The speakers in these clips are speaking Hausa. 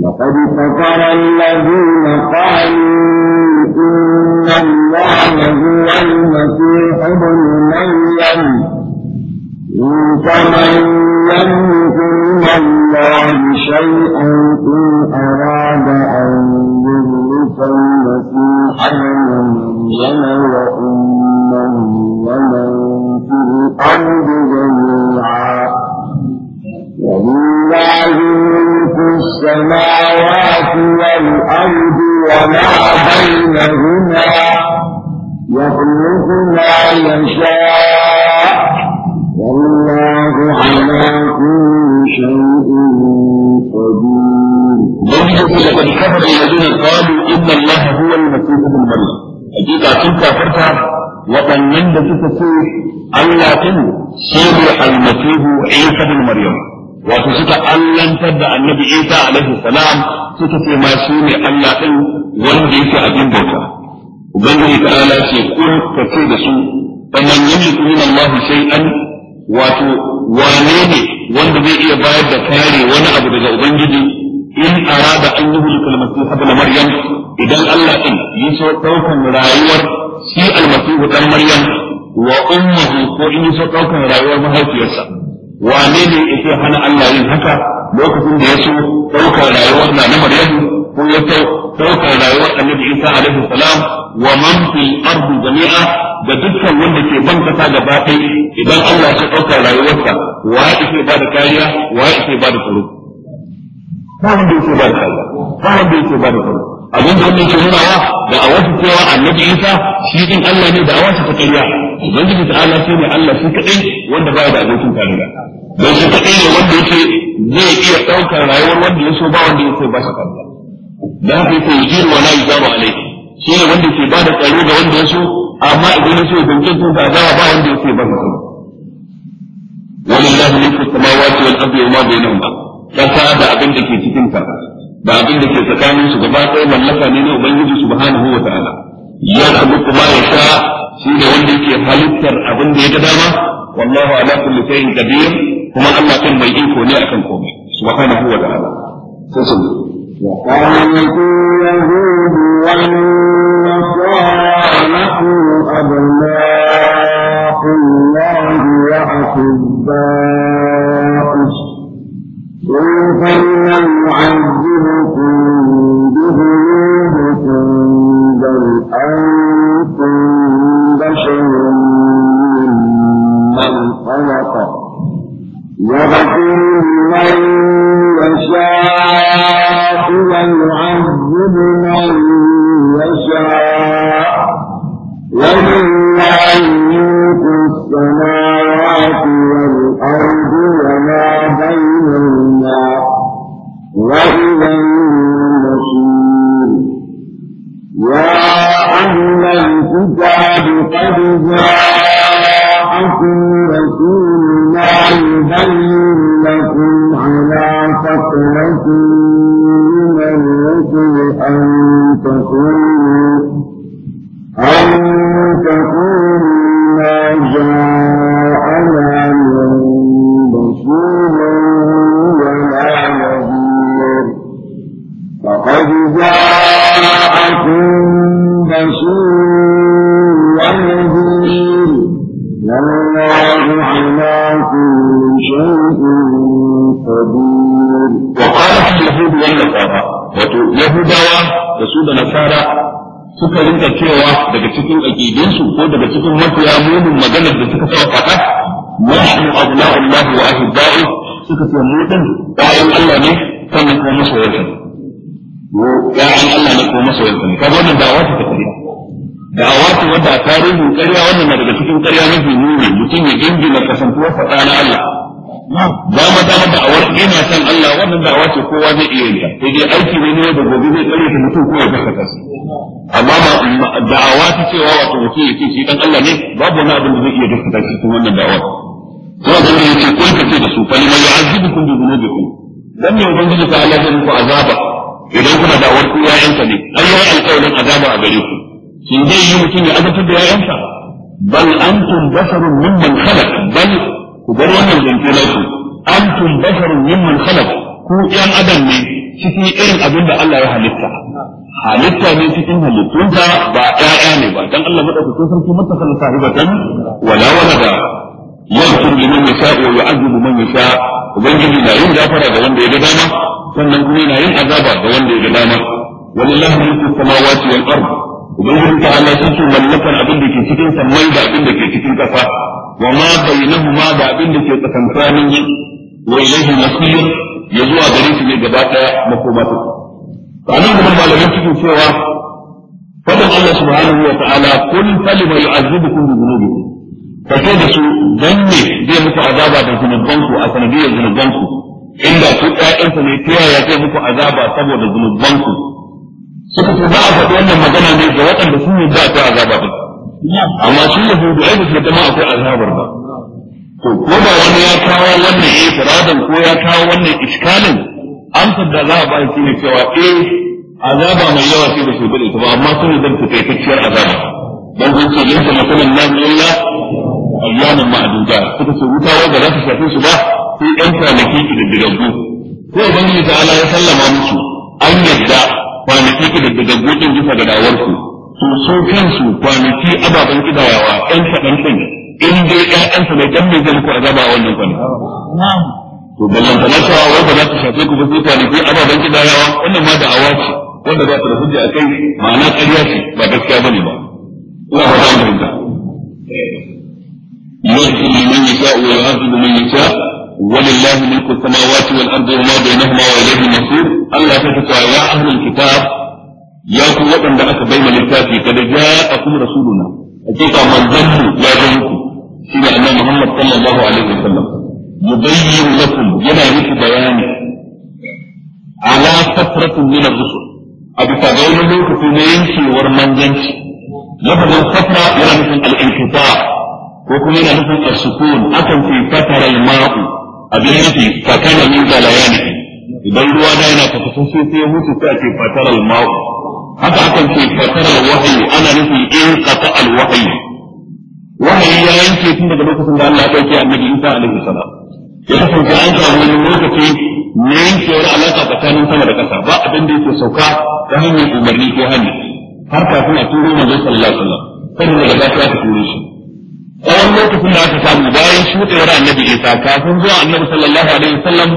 لقد كفر الذين قالوا إن الله هو المسيح ابن مريم كمن لم يكن الله شيئا إن أراد الأرض وما بينهما يخلق ما يشاء والله على كل شيء قدير لقد كفر الذين قالوا إن الله هو المسيح ابن مريم حقيقة كنت كفرت وطنن da suka ce Allah din shi ne almasihu Isa bin Maryam wato suka allantar da annabi isa alaihi salam suka ce ma shi ne allah din wanda yake abin bauta ubangiji ta ala ce kun ka ce da su faman yamliku min sai an wato wane ne wanda zai iya bayar da kare wani abu daga ubangiji in arada an yi hulka almasih na maryam idan allah din yi so ɗaukan rayuwar shi almasih dan maryam wa ummuhu ko in yi so ɗaukan rayuwar mahaifiyarsa wane ne yake hana Allah yin haka lokacin da ya so daukar rayuwar na na Maryam ko ya so daukar rayuwar Annabi Isa alaihi salam wa man fil ardi jami'a da dukkan wanda ke ban kasa gaba ɗaya idan Allah ya daukar rayuwarsa wa yake ba da kariya wa ce ba da tsaro ba wanda yake ba da kariya ba wanda yake ba da tsaro abin da wannan ke wa da wasu cewa Annabi Isa shi din Allah ne da awarsa ta kariya ubangiji ta'ala shi ne Allah shi kadai wanda baya da abokin tarayya don shi kadai ne wanda yake zai iya daukar rayuwar wanda ya so ba wanda ya ba shi kansa da haka yake yi wa la yaba alayhi shi ne wanda ke ba da tsaro ga wanda ya so amma idan ya so ya dangin sun da ba wanda ya so ba shi kansa walillahi mulku samawati wal ardi wa ma bainahuma kasa da abin da ke cikin ka, da abin da ke tsakanin su gaba ɗaya mallaka ne ne ubangiji subhanahu wa ta'ala ya khluqu ya yasha shi ne wanda yake halittar abin da ya ga dama wallahu ala kulli shay'in qadir kuma Allah kan mai iko ne akan komai subhanahu wa ta'ala sai sun وقالت اليهود والنصارى نحن أبناء الله وأحباؤه قل فلن نعذبكم به أنتم بشر خلق من يشاء ويعذب من يشاء السماوات الكتاب قد جاءكم رسولنا يبين لكم على فترة من الرسل أن تكونوا dama dama da'awar ina san Allah wannan da'awa ce kowa zai iya yi sai dai aiki ne ne da gobe zai tsare ta mutum ko ya kasa kansa amma da'awa ta cewa wato mutum ya ce shi dan Allah ne babu wani abin da zai iya gaskata cikin wannan da'awar kuma da yake ko ka da su fa liman ya'azibukum bi dhunubikum dan ne ubangiji ta Allah zai muku azaba idan kuna da'awar ku ya yanka ne ayyuhal alƙawarin azaba a gare ku shin zai yi mutum ya azabtar da ya'yansa bal antum basharun mimman khalaq bal ku bar wannan zance na ku antum basharun mimman khalaq ku yan adam ne cikin irin abin da Allah ya halitta halitta ne cikin halittunta ba ƴaƴa ne ba dan Allah madaukakin sarki mutakal sahibatan wala walada yaghfir liman yasha'u wa yu'adhibu man yasha ubangiji na yin gafara ga wanda ya ga dama sannan kuma yana yin azaba ga wanda ya ga dama walillahi mulku samawati wal ard ubangiji ta Allah shi ke mallakar abin da ke cikin sammai da abin da ke cikin kasa wa ma bainahuma da abin da ke tsakankanin su wa ilayhi masir ya zuwa gare su ne gaba daya makoma ta sanan da malamin suke cewa faɗin Allah subhanahu wa ta'ala kun falima yu'azzibukum bi dhunubikum fa sai da su dan ne zai muku azaba da zunubanku a sanadiyar zunubanku inda ku ƴaƴansa ne ta yaya zai muku azaba saboda zunubanku suka ce za a faɗi wannan magana ne ga waɗanda sun yi da ta azaba din amma shi yahudu ai ba su zama akwai azabar ba to ko ba wani ya kawo wannan faradan ko ya kawo wannan iskalin amsar da za a ba shi ne cewa eh azaba mai yawa ce da su da ita ba amma sun yi zanta kai azaba dan sun ce yin sama sanin nan illa ayyamin ma'aduda suka ce wuta wanda za ta shafi su ba sai yan kwanaki kididdigaggu ko ubangiji ta ya sallama musu an yadda kwanaki kididdigaggu din bisa ga dawarsu to su kansu kwanaki ababen kidayawa ɗan kaɗan ɗin in dai ƴaƴansa ne dan mai zai muku azaba a wannan kwanaki to ballan ta nasa wai ba za ta shafe ku ba sai kwanaki ababen kidayawa wannan ma da awa ce wanda za ta da hujja a kai ma'ana ƙarya ce ba gaskiya ba ne ba ina ba za mu fahimta يغفر لمن يشاء ويعذب من يشاء ولله ملك السماوات والارض وما بينهما واليه النصير الله تتوى يا اهل الكتاب ya ku waɗanda aka bai ma littafi kada ja'akum rasuluna hakika mu ya zo muku shine annabi Muhammad sallallahu alaihi wasallam mubayyin lakum yana muku bayani ala fatratin min ar-rusul a bisa ga wani lokaci na yankewar manzanci lafazin fatra yana nufin al-inqita ko kuma yana nufin as-sukun akan fi fatara al-ma'u abin nufi fakana min zalayani idan ruwa da yana tafasa sai ya mutu sai a ce fatara al-ma'u haka akan ce fatar wahayi ana nufin in qata al wahayi wahayi ya yanke tun daga lokacin da Allah ya kai annabi Isa alaihi salam ya kasance an samu wani lokaci na yankewar alaka tsakanin sama da ƙasa ba abin da yake sauka ta hanyar umarni ko hannu har kafin a turo zai sallallahu alaihi wasallam sannan daga baya aka turo shi tsawon lokacin da aka samu bayan shuɗewar annabi Isa kafin zuwa annabi sallallahu alaihi wasallam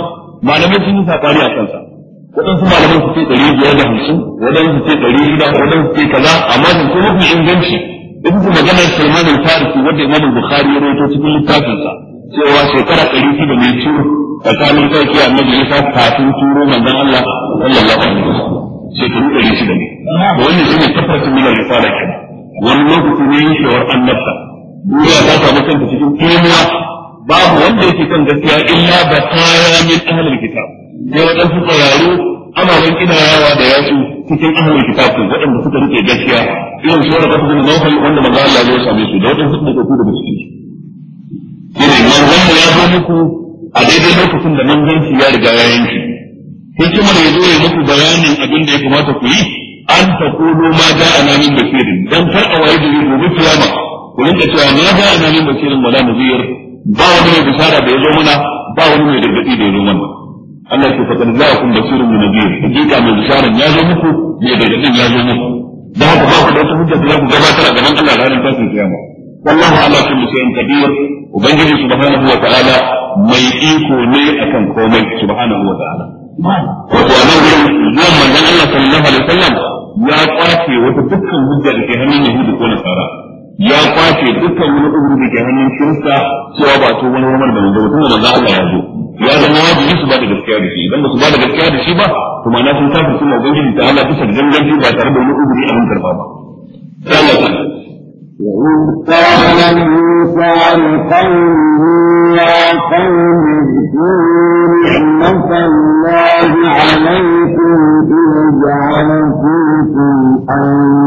malamai sun yi saƙari a kansa waɗansu malaman su ce ɗari biyar da hamsin waɗansu ce ɗari shida waɗansu ce kaza amma su ce mafi inganci ita ce maganar Salman al-Farisi wanda Imam Bukhari ya rawaito cikin littafinsa cewa shekara ɗari shida mai turu tsakanin sarki Annabi ya Isa kafin turo manzon Allah sallallahu alaihi wasallam shekaru ɗari shida ne wannan shine tabbacin min al-risala kenan wani lokaci ne yashewar annabta duniya ta samu kanta cikin kemuwa babu wanda yake kan gaskiya illa ba kaya min ahlul kitab sai waɗansu tsararru amalan yawa da yasu cikin ahlul kitabin waɗanda suka rike gaskiya irin su da kafin nawfal wanda manzo Allah a same su da waɗansu da kafu da ci. yana nan wanda ya zo muku a daidai lokacin da zanci ya riga ya yanki hikimar ya zo ya muku bayanin abin da ya kamata ku yi an kolo ma ja'ana min basirin don kar a waye da gobe ma. ku rinka cewa ma ja'ana min basirin mu ziyar ba wani mai bishara da ya zo mana ba wani mai gargadi da ya zo mana Allah ke faɗin za a kun basirin mu nabiyu hakika mai bisharar ya zo muku da gargaɗin ya zo muku da haka ba ku da hujja da za ku gabatar a gaban Allah ranar tashin kiyama wallahu ala kulli shay'in qadir ubangiji subhanahu wa ta'ala mai iko ne akan komai subhanahu wa ta'ala wato a nan wurin zuwan manzon Allah sallallahu alaihi wasallam ya kwace wata dukkan hujja da ke hannun Yahudi ko Nasara ya kwace dukkan wani uzuri da ke hannun kirista cewa ba to wani wani da manzo tun da manzo Allah ya zo ya zama wajibi su ba da gaskiya da shi idan ba su ba da gaskiya da shi ba to ma na sun kafir suna ubangiji ta Allah bisa ganganci ba tare da wani uzuri a hankar ba ba وإذ قال موسى لقومه يا قوم اذكروا نعمة الله عليكم إذ جعل فيكم أنبياء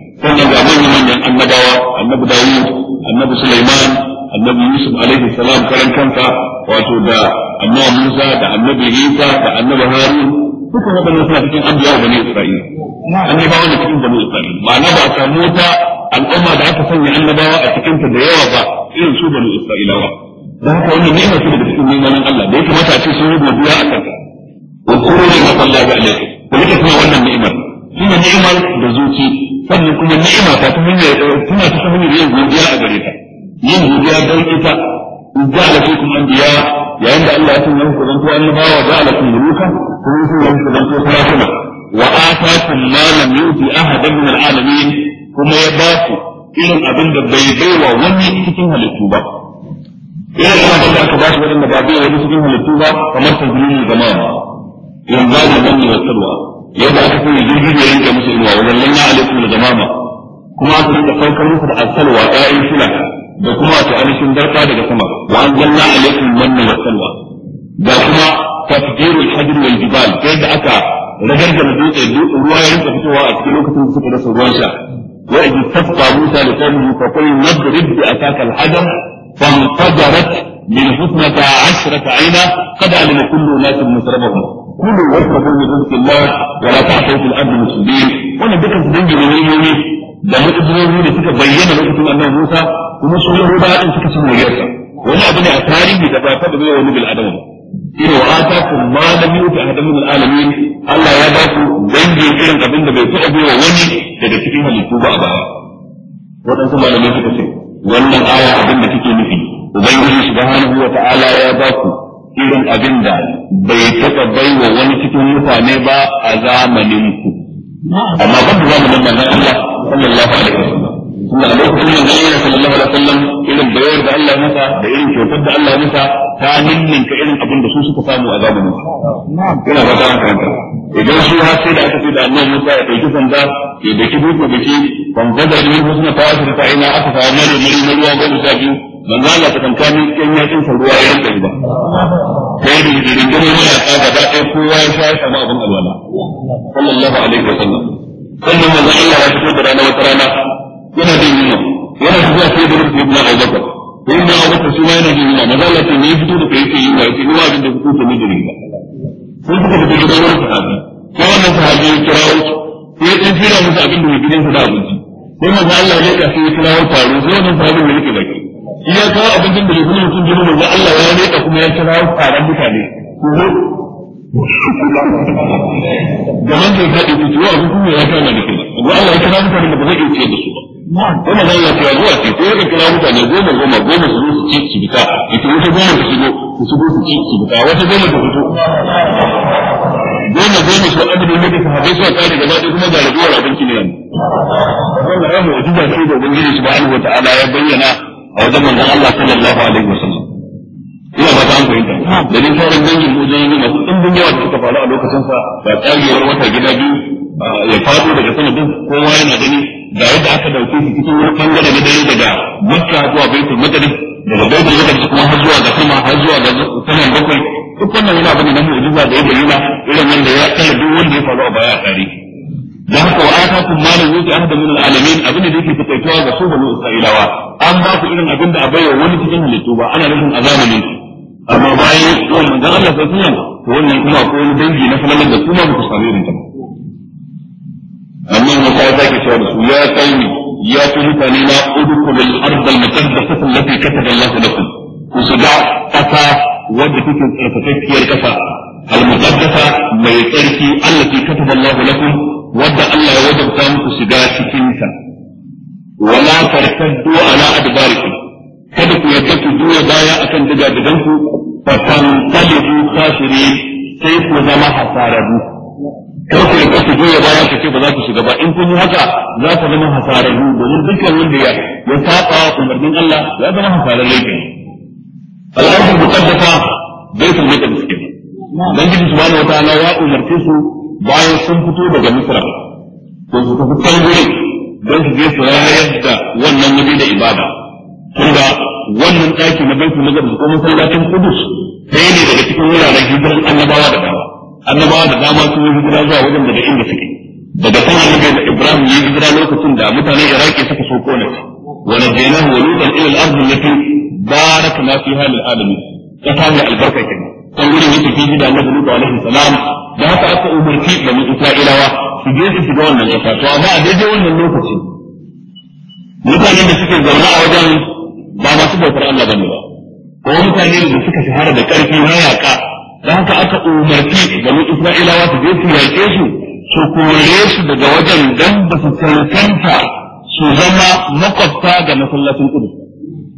wannan ga manyan manyan annabawa annabi dawud annabi sulaiman annabi yusuf alaihi salam karan kansa wato da annabi musa da annabi isa da annabi harun dukkan waɗannan suna cikin anbiya bani isra'ila annabawa ne cikin bani isra'ila ma'ana ba a samu wata al'umma da aka sanya annabawa a cikin ta da yawa ba irin su bani isra'ilawa da haka wannan ni'ima ce daga cikin neman Allah da ya kamata ce sun rubuta biya a kanka wa kullu ma sallallahu alaihi wa sallam kuma wannan ni'imar shi ne ni'imar da zuci sannan kuma ni'ima ta ta hanyar tana ta hanyar yin godiya a gare ta yin godiya don ita in ja'ala fikum biya yayin da Allah ya sanya muku zanto annabawa ja'ala fikum muluka kuma ya sanya muku zanto sarakuna wa atakum ma lam yuti ahadan min alalamin kuma ya ba ku irin abin da bai baiwa wani cikin halittu ba irin abin da aka ba shi wadanda ba bai wani cikin halittu ba kamar tazmini zamana yanzu ne zan yi wasarwa yadda aka koyi jirgin ya rinka musu inuwa wajen lanya alaikum da zamama kuma aka rinka saukar musu da asalwa ƴaƴan shila da kuma wato ainihin darka daga sama wa an zanna alaikum manna wa salwa da kuma tafdirul hajr wal jibal yadda aka ragar da dutse ruwa ya rinka fitowa a cikin lokacin da suka rasa ruwan sha وإذ استسقى موسى لقومه فقل a بأساك الحجر فانفجرت من اثنتا عشرة عينا قد علم كل ناس مشربهم كلوا واشربوا من رزق الله ولا تعصوا في الارض مفسدين وانا دكت دنجي نميمي da mu'ujizozi da suka bayyana lokacin annabi Musa kuma su Yahudawa din suka san muryarsa wani abu ne a tarihi da ba ta da zuwa wani bil adam ina wa ataku ma lam yuti ahadun min alamin Allah ya ba ku dangi irin abin da bai taɓa bai wani daga cikin halittu ba a baya wadansu malamai suka ce wannan aya abin da take nufi ubangiji subhanahu wa ta'ala ya ba ku irin abin da bai taɓa baiwa wani cikin mutane ba a zamanin ku amma ban da zamanin manzon Allah sallallahu alaihi wasallam da lokacin manzon Allah sallallahu alaihi wasallam irin bayar da Allah masa da irin kyautar da Allah masa ta ninninka irin abin da su suka samu a zamanin su ina ba ta hankalta idan su har sai da aka ce da annabi Musa ya dauki sanda ya dauki dutse da shi ban gada da mun suna ta wasu ta ina aka samu mare mare na ruwa goma sha biyu manzo Allah ta kankani kan yakin sa ruwa ya rinka ba sai da jirgin ruwa ya ta gaba ɗaya kowa ya sha ya samu abin alwala sallallahu alaihi wasallam sannan manzo Allah ya fito da rana wata rana yana jin yunwa yana zuwa sai da rufe ibn abubakar ko ibn abubakar shi ma yana jin yunwa maza a ce me fito da kai ke yunwa yake ni abin da fito da ni ba sai suka fito gidan wani sahabi sai wannan sahabi ya kira wasu sai ya ɗan fira musu abin da mai gidansa da abinci sai maza Allah ya leƙa sai ya kira wasu taro sai wannan sahabin ya rike baki shi ya kawo abincin da ya kuma mutum jini maza Allah ya leƙa kuma ya kira wasu taron mutane gaban da faɗi ku tuwa abin kuma ya kama da kai amma Allah ya kira mutane da ba zai iya da su ba kuma zai ya kira zuwa ce ko ya kira mutane goma goma goma su zo su ci su bita ita wata goma ta shigo su shigo su ci su bita wata goma ta fito goma goma su adadin da su haɗe su a kare gaba ɗaya kuma ne yanzu. ya da Ubangiji ta'ala ya bayyana a wajen manzon Allah sallallahu alaihi wasallam ina ba ta an fahimta da dai sauran dangin mujahidu masu ɗimbin yawa da suka faru a lokacin sa ga tsagewar wata gida biyu ya faɗo daga sama duk kowa yana gani da yadda aka dauke shi cikin wani bangare na dare daga makka zuwa baitul maqdis daga baitul maqdis kuma har zuwa ga sama har zuwa ga saman bakwai duk wannan yana bane na mu'jiza da ya bayyana irin wanda ya tsaya duk wanda ya faru a baya a tarihi da haka wa atakum ma lam yuti ahadun min al-alamin abin da yake fitaitowa ga su banu isra'ilawa an ba ku irin abin da a baiwa wani cikin halittu ba ana nufin a zamanin amma bayan zuwan manzon Allah sallallahu alaihi wasallam to wannan kuma ko wani dangi na falalar da kuma ba ku same irin ta annabi Musa ya sake cewa da su ya kaini ya ku mutane na udkhulul ardal muqaddasata allati kataba Allah lakum ku shiga kasa wadda kuke tsarkakakkiyar kasa al-muqaddasa mai tsarki allati kataba Allah lakum wadda Allah ya wajabta muku shiga cikin ta wala tartaddu ala adbarikum kada ku yarda ku juya baya akan kan ku fa san talibu khasiri sai ku zama hasararru. kada ku yarda ku juya baya ku ce ba za ku shiga ba in kun yi haka za ku zama hasararru, domin dukkan wanda ya ya saba umarnin Allah ya zama hasararre ne al'adun muqaddasa baitul maqdis kenan Ubangiji subhanahu wa ya umarce su bayan sun fito daga Misra to su tafi kan gurin don su je su rayar da wannan wuri da ibada tunda wannan ɗaki na baitul maqdis ko masallacin qudus sai ne daga cikin wuraren hijiran annabawa da dama annabawa da dama sun yi hijira zuwa wajen daga inda suke daga kan annabi Ibrahim ya hijira lokacin da mutanen Iraki suka so kona shi wa najaynahu wa lutan ila al-ardh allati barakna fiha lil alamin kasa mai albarka kenan kan gurin yake hijira da annabi Lut alaihi salam da haka aka umarci da mu Isra'ilawa su je su shiga wannan ƙasa to amma a daidai wannan lokacin mutanen da suke zaune a wajen ba masu bautar Allah bane ba ko mutane da suka shahara da karfi na yaka da haka aka umarci ganin Isra'ilawa su je su yaƙe su su kore su daga wajen dan ba su cancanta su zama makwabta ga masallacin kudu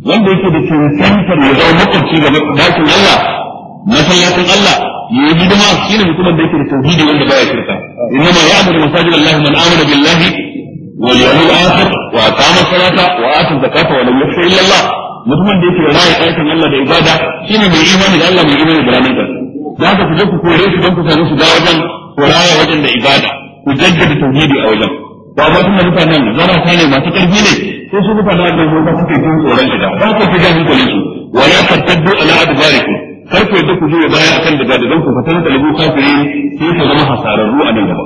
wanda yake da cancantar ya zama makwabci ga dakin Allah masallacin Allah ya yi hidima shi ne mutumin da yake da tauhidi wanda baya shirka inna ma ya'budu masajid Allah man amana billahi واليوم الآخر وأقام الصلاة وآتى الزكاة ولم يخش إلا الله mutumin da yake raye aikin Allah da ibada shine mai imani da Allah mai imani da ranar da da haka ku je ku kore su don ku sami su da wajen ku raya wajen da ibada ku jaddada tauhidi a wajen ba ma tunda mutanen zarata ne masu karfi ne sai su mutanen da zuwa suke jin tsoron shiga ba ku fi jahil ku su wala tartaddu ala adbarikum kar ku yadda ku je baya akan daga da don ku fatan da lubu sai ku zama hasararru a nan gaba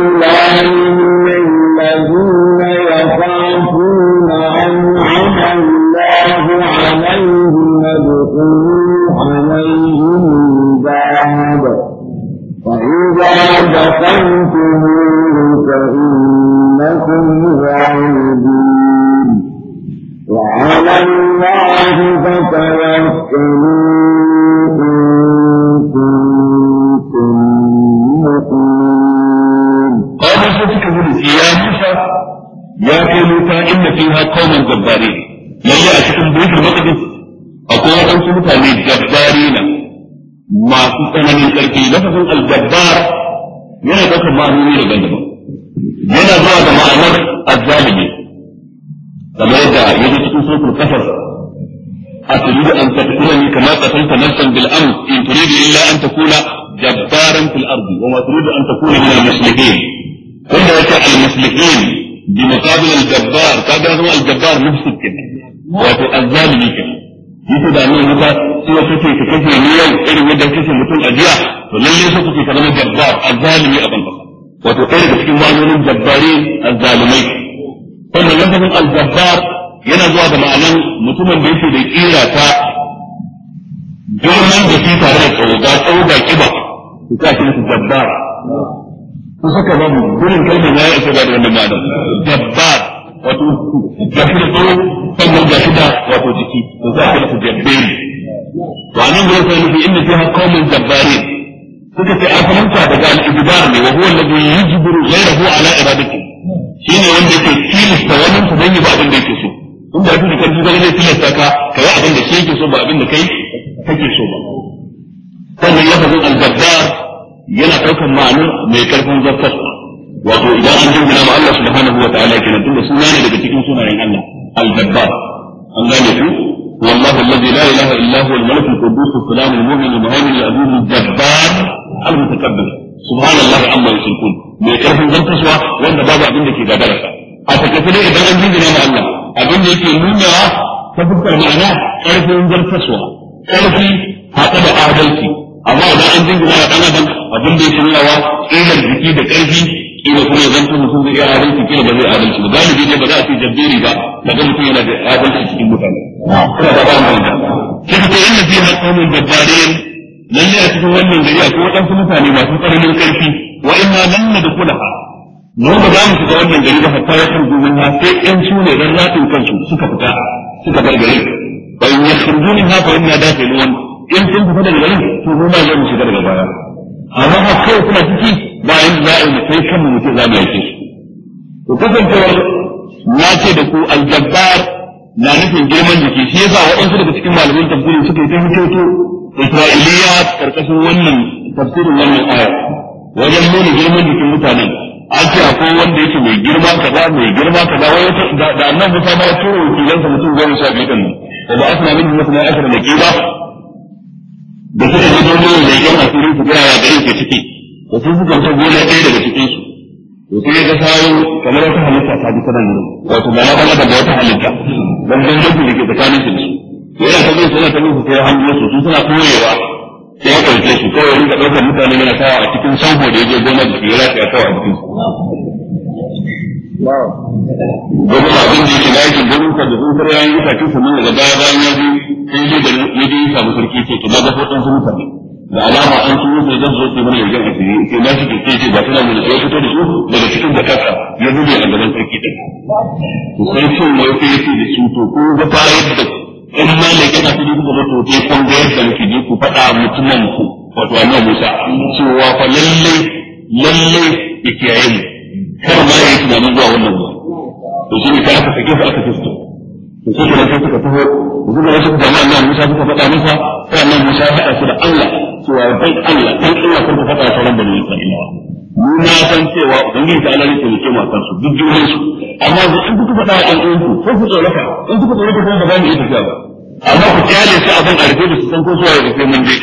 wa nan gurin sai nufi inda fiha qaumun jabbarin suka ce aka manta daga al-ijbar ne wa huwa alladhi yujbiru ghayrahu ala iradati shine wanda yake tilasta wannan su dan yi ba abin da yake so in da duk karfi zai zai tilasta ka kai abin da shi so ba abin da kai so ba yana ɗaukar ma'anar mai karfin zartaswa wato idan an jingina ma Allah subhanahu wa ta'ala kenan tunda suna ne daga cikin sunayen Allah al-jabbar an gane ku والله الذي لا اله الا هو الملك القدوس السلام المؤمن المهيمن العزيز الجبار المتكبر سبحان الله عما يشركون mai karfin zantaswa wanda babu abin da ke gadarsa a takaice dai idan an jingina ma Allah abin da yake nuna ta fuskar ma'ana karfin zantaswa karfi haɗe da adalci amma idan an jingina ma ɗan adam abin da yake nunawa tsirar jiki da karfi kila kuma zan ta mutum zai iya adalci kila ba zai adalci ba galibi ne ba za a ce jabiri ba daga mutum yana da adalci cikin mutane kuma da ba mu da sai ta inda fi haqqul nan ne a cikin wannan gari akwai waɗansu mutane masu tsananin karfi wa inna da kula mu ba za mu shiga wannan gari ba hatta ya kan gumin na sai in su ne dan zatin kansu suka fita suka bar gari fa in yakhrujuna ha fa inna dakhilun in sun fita daga garin to mu ma za mu shiga daga baya amma ha kai kuma ciki bayan za a yi sai kanmu mu za mu yake su to kasancewar na ce da ku aljabbar na nufin girman jiki shi yasa waɗansu daga cikin malamin tafsiri suka yi ta hitoto isra'iliya karkashin wannan tafsirin wannan aya wajen nuna girman jikin mutanen an ce akwai wanda yake mai girma kaza mai girma kaza wai wata da annabi Musa ma ya tura wakilansa mutum goma sha biyu din da ba asna min mutum ya asra da kiba da suka zo don yin leƙen asirin su gaya ga yake ciki da sun suka ta gona ɗaya daga cikin su to sai ya ga sayo kamar wata halitta ta bi sanan ne wato ba na kama da wata halitta dan dan mutum da ke tsakanin su to yana ta suna ta bin sai hannu su su suna koyewa sai ya ɗauke su kawai rinka ɗaukar mutane yana kawo a cikin sanho da ya je gona da ya lafiya kawo a cikin Gobe ba abin da yake da yake ganin ka da sun kare yayin itace sannan daga baya bayan ya sai ya da ya je ya ce ki ba ga hoton sun mutane. da alama an tuwo mai zan zo ke mana yanzu a fiye ke na shi ke ce ba tana mai da fito da su daga cikin da kasa ya zube a gaban sarki din to sai cin mai ke yake da su to ko ga fara da in ma ne kana su duk da to ke kun yadda ji ku faɗa mutumin ku wato annabi Musa cewa fa lalle lalle yake yayin kar ma yayi tunanin zuwa wannan ba to shi ne ka aka sake su aka fisto to sai kuma sai suka taho suka wasu jama'a nan Musa suka faɗa masa sai nan Musa ya haɗa su da Allah cewa bai Allah dan Allah kun fata sauran da ne ilawa mu na san cewa ubangiji ta Allah ne ke ma kansu duk junan su amma da in kuka fada an uwan ku ko ku tsoraka in kuka tsoraka kuma ba za yi tafiya ba amma ku kyale su abin a rufe da su san ko zuwa da sai mun je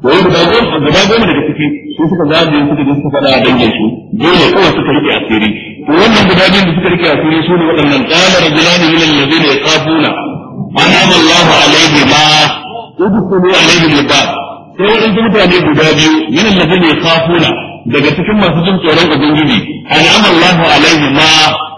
to yau guda goma guda goma da ciki su suka zagaye suka da suka fada dangin su dole kawai suka rike asiri to wannan guda da suka rike asiri su ne waɗannan qala rajulani min alladhina yaqafuna anama Allahu alaihima udkhulu alaihim al-bab sai waɗansu mutane guda biyu minan lazina kafuna daga cikin masu jin tsoron ubangiji an'ama Allahu alaihi ma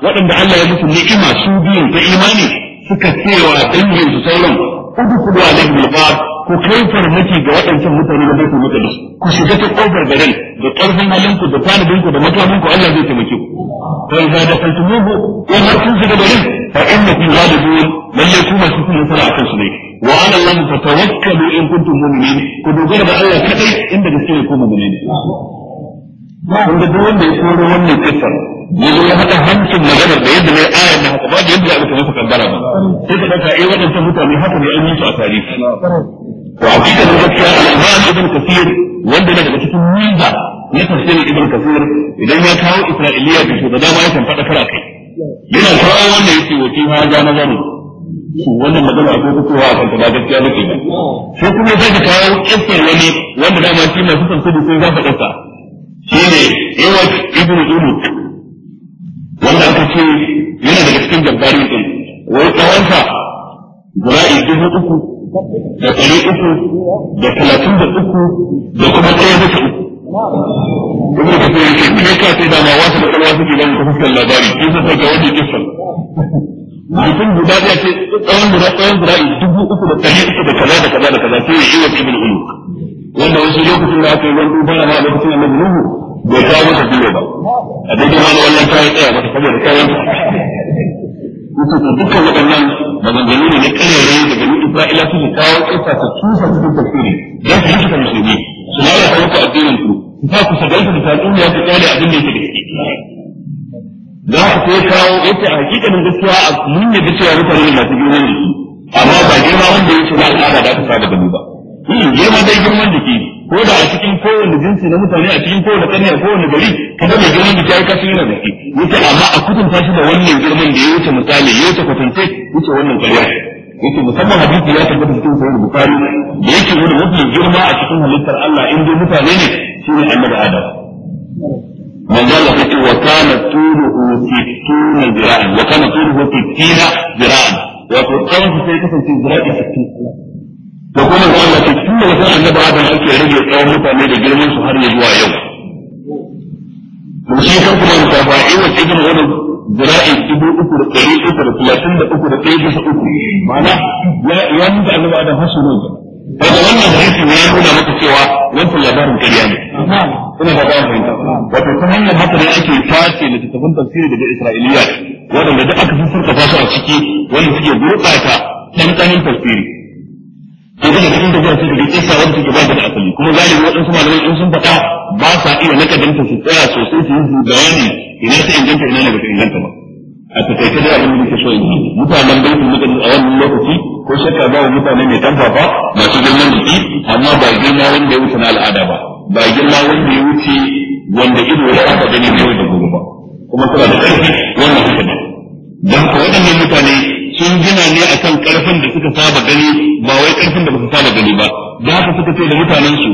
waɗanda Allah ya musu ni'ima su biyun ta imani suka cewa dangin su sauran udkhulu alaihi bil ku kai farmaki ga waɗancan mutane da baitul maqdis ku shiga ta kofar garin da ƙarfin halinku da talibinku da makaminku Allah zai taimake ku fa idza dakaltumuhu in har kun shiga garin fa innakum ghalibun lalle ku masu kun nasara akan su ne wa ala Allah fatawakkalu in kuntum mu'minin ku dogara da Allah kadai inda gaske ne ku mu'minin kun ga duk wanda ya koro wannan kissa yanzu ya haɗa hancin maganar da yadda ne ayar na haka ba da yadda ya aka masa kaddara ba sai ka ɗauka eh waɗancan mutane haka ne an yi su a tarihi to a cikin gaskiya al-Imam Ibn Kathir wanda daga cikin miza na tafsirin Ibn Kathir idan ya kawo Isra'iliya da da dama yakan faɗa kara kai yana kawo wanda yake wa fi haza nazaru to wannan magana ko ta kowa kan ba gaskiya nake ba sai kuma sai ka kawo kissa wani wanda dama shi masu tafsiri sai za ka dauka shine Ewat Ibn Uluk wanda aka ce yana daga cikin jabbarin din wai tsawonsa zura'i dubu uku da ɗari uku da talatin da uku da kuma ɗaya da uku. Ibn Kasir ya ce kai ka ce wasu da kalwa suke da mutu fuskar labari kisa ta ga wani Mutum guda ya ce tsawon guda tsawon guda dubu uku da ɗari uku da kaza da kaza da kaza sai ya yi wa Ibn Ulu. Wanda wasu lokacin da aka yi wani duba na lokacin annabi Nuhu bai kawo masa biyo ba. A daidai wani wannan ta yi tsaya mata saboda kayan yake to dukkan waɗannan maganganu ne na ƙarere da bani Isra'ila suke kawo kisa ta tusa cikin tafsiri da su rikita musulmi su lalata muku addinin ku ku sa ku shagalta da tatsuniya ku kyale abin da yake da shi za ku sai kawo yadda a hakikanin gaskiya a mun ne da cewa mutane ne masu girman jiki amma ba girma wanda ce na al'ada da aka da gani ba hmm, girma dai girman jiki ne ko da a cikin kowane jinsi na mutane a cikin kowane ƙarni a kowane gari ka ga mai girman biki ya kasu yana zaki yace amma a kutunta shi da wannan girman da ya wuce misali ya wuce kwatance wuce wannan ƙarya yake musamman hadisi ya tabbata cikin sahih bukhari da yake wani mafi girma a cikin halittar Allah in dai mutane ne shi shine annabi adam manzo Allah yake wa kana turuhu sittuna zira'an wa kana turuhu sittina zira'an wato kan sai kasance zira'i sittin da kuma da Allah ce tun daga kan annabi Adam ake rage tsawon mutane da girman su har ya zuwa yau to shi kan kuma da ba ina cikin wani zira'i dubu uku da ɗari uku da talatin da uku da ɗaya bisa uku ma'ana ya nuna annabi Adam har su roga da wannan hadisi ne ya nuna maka cewa wancan labarin ƙarya ne ina ba ta fahimta wato ta hanyar haka ne ake tace littattafan tafsiri daga Isra'iliya waɗanda duk aka fi sassarka fasu a ciki wanda suke gurɓata ɗanɗanin tafsiri sai daga cikin tafiya sai daga kissa wanda take ba da asali kuma galibi waɗansu malamai in sun faɗa ba sa iya nakadanta su tsaya sosai su yi su bayani ina ta inganta ina ne bata inganta ba a takaice da abin da nake so in yi mutanen baitul maqdis a wannan lokaci ko shakka ba mutane mai ba masu girman jiki amma ba girma wanda ya wuce na al'ada ba ba girma wanda ya wuce wanda ido ya aka gani ne da gobe ba kuma suna da ƙarfi wannan haka ne dan ko waɗannan mutane sun gina ne kan karfin da suka saba gani ba wai karfin da ba su saba gani ba da haka suka ce da mutanen su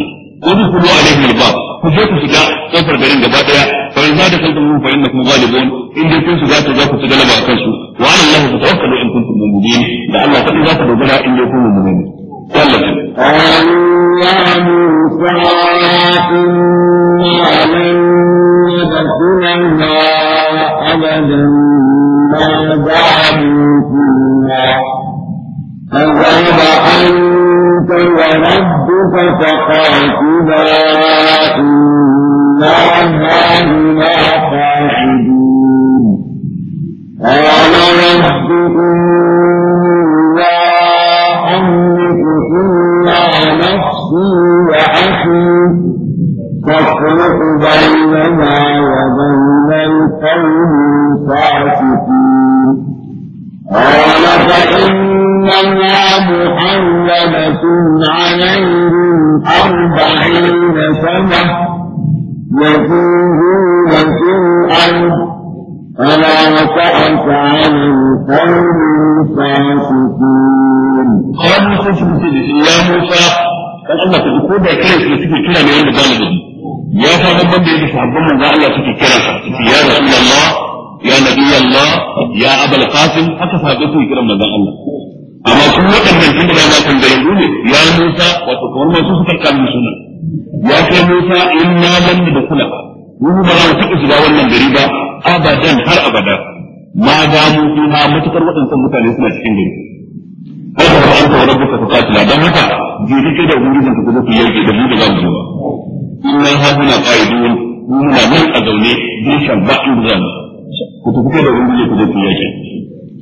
udkhulu alayhi ba ku je ku shiga kofar garin gaba daya fa in ta kan tumu fa kuma ghalibun in dai kun shiga to za ku ci galaba akan su wa ala allah tawakkalu in kuntum mu'minin da allah kadai za ku dogara in dai kun mu'minin فذهب أنت وربك فقاتلا إنا هاهنا قاعدون قال رب إني لا أملك إلا نفسي وأخي فافرق بيننا وبين القوم الفاسقين قال فإن إنما محرمة عليهم أربعين سنة يقولون في الأرض فلا تعس عن القوم الفاسقين. قال موسى يا موسى kan Allah ka ko da kira su suke kira ne wanda zamu da ya fa dan banda yake sahabban manzo Allah suke kira ka. ya rasulullah ya nabi ya abul qasim haka sahabbai suke kira manzo Allah amma su waɗannan tun da na ma tambayin ne ya Musa wato kamar masu su suka kalli suna ya kai Musa in na lan da kula mun ba za mu taɓa shiga wannan gari ba abadan har abada ma da mu fiha matukar waɗansan mutane suna cikin gari haka ba an tawarar buka ta katila don haka jiri ke da ubangijin ka kuma su yauke da mu da za mu zo ba in nan har muna ƙa'idun muna nan a zaune bishan ba in zamu ku tafi kai da ubangijin ku zo ku yauke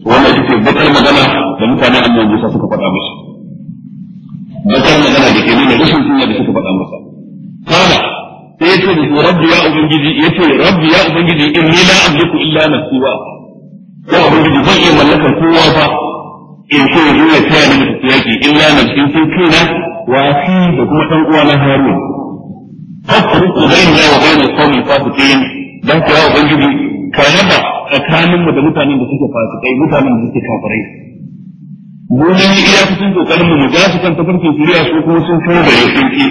wannan ita ce bakar magana da mutane annabi Musa suka faɗa masa bakar magana da ke nuna rashin sunna da suka faɗa masa kana sai ya ce da su rabbi ya ubangiji ya ce rabbi ya ubangiji in ni la amliku illa nafsi wa ya ubangiji zan iya mallakar kowa fa in ce yanzu ya taya ni da yaki illa nafsi sai kaina wa fi da kuma dan uwa na Harun أفرق بيننا وبين القوم الفاسقين ذاك يا أبنجي كلمة tsakaninmu da mutanen da suke fasikai mutanen da suke kafirai mu ne iya cikin kokarin mu ga su kan tafarkin shari'a su kuma sun kai da yakin ki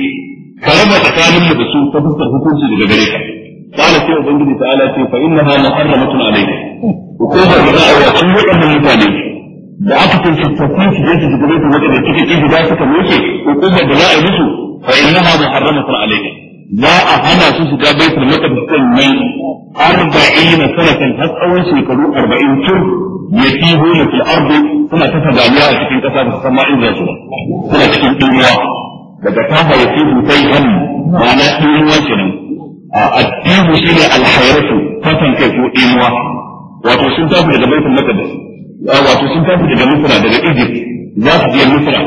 karama tsakaninmu da su ta fuskar hukunci daga gare ka قال سيدنا ubangiji ta'ala ce fa innaha muharramatun alayka hukumar da za a yi a cikin waɗannan mutane da aka tuntuntun su je su shiga su waɗanda suke kin gida suka muke hukumar da za a yi musu fa innaha muharramatun alayka za a hana su shiga baitul maqdis din ne arba'in sanatan har tsawon shekaru arba'in tun yatihuna fil ardi suna ta tagaliya a cikin kasa da san ma inda su suna cikin duniya daga ta haifi hutai han ma'ana duniya kenan addihu shine alhayratu fatan kai ko duniya wato sun tafi daga baitul maqdis wato sun tafi daga misra daga egypt za su je misra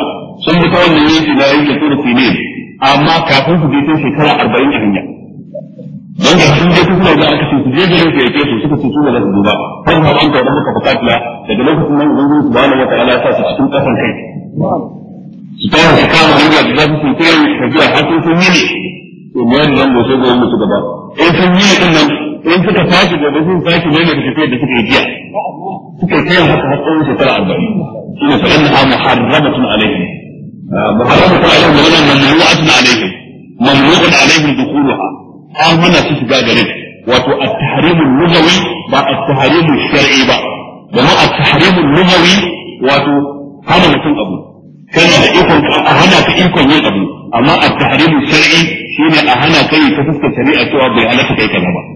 sun bi ta wannan yanki na yanki turki ne amma kafin su je sai shekara arba'in a hanya don da sun je suna zuwa aka ce su je da su yake su suka ce su ba su duba kan hawa an tawo maka fakatila daga lokacin nan ubangiji bani wata ala sa su cikin kasan kai su tawo su kama hanya da za su sun kai tafiya har sun sun yi ne to mu yana nan gobe gobe su gaba in sun yi din nan in suka tashi gobe sun tashi ne da tafiyar da suke biya. jiya suka kai haka har tsawon shekara arba'in shine fa'innaha muharramatun alaihim محرم عليهم ولا ممنوعة عليهم ممنوع عليهم دخولها an hana su shiga garin wato at-tahrim al-lughawi ba at-tahrim al-shar'i ba domin at-tahrim al-lughawi wato hana mutum abu kana da ikon a hana ka ikon yin abu amma at-tahrim al-shar'i shine a hana kai ta fuskar shari'a cewa bai halatta kai kaza ba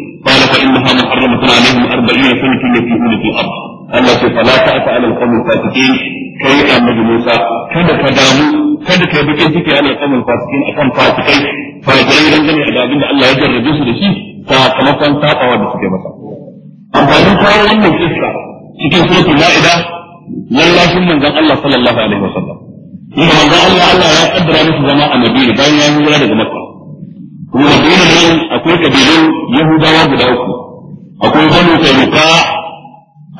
قال فإنها محرمة عليهم أربعين سنة التي في الأرض قال التي فلا تأس على القوم الفاسقين كي النبي موسى كذا كدامو كذا كبكين سكي على القوم الفاسقين أكم فاسقين فاجرين رنجل إعدادين الله يجر رجوس تاقى فكمكن ساقا ودسكي مسا أمبالين كارو أنه كسرا cikin suratul ma'ida lallashin من Allah الله صلى الله عليه وسلم إذا من ya الله الله يقدر a Madina نبيه ya يهو daga مكة kuma da irin nan akwai kabilun yahudawa guda uku akwai banu kainuka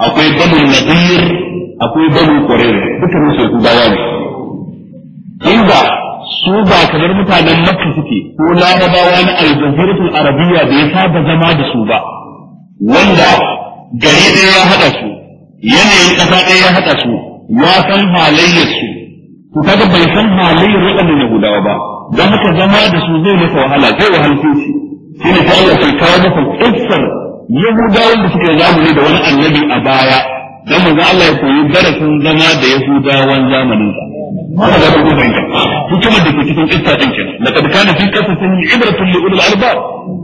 akwai banu nadir akwai banu qurayza dukkan su guda ne inda su ba kamar mutanen makka suke ko larabawa na aljaziratul arabiyya da ya saba zama da su ba wanda gari ɗaya ya haɗa su yanayin ƙasa ɗaya ya haɗa su ya san halayyar su to kaga bai san halayyar waɗannan yahudawa ba don haka zama da su zai masa wahala zai wahalce shi shi ne ta yi sai kawo masa kissar yahudawan da suke zamani da wani annabi a baya don manzo Allah ya koyi darasin zama da yahudawan zamanin sa haka za ku ku bayyana da ke cikin kissa din kenan laqad kana fi qasasihim ibratun li ulil albab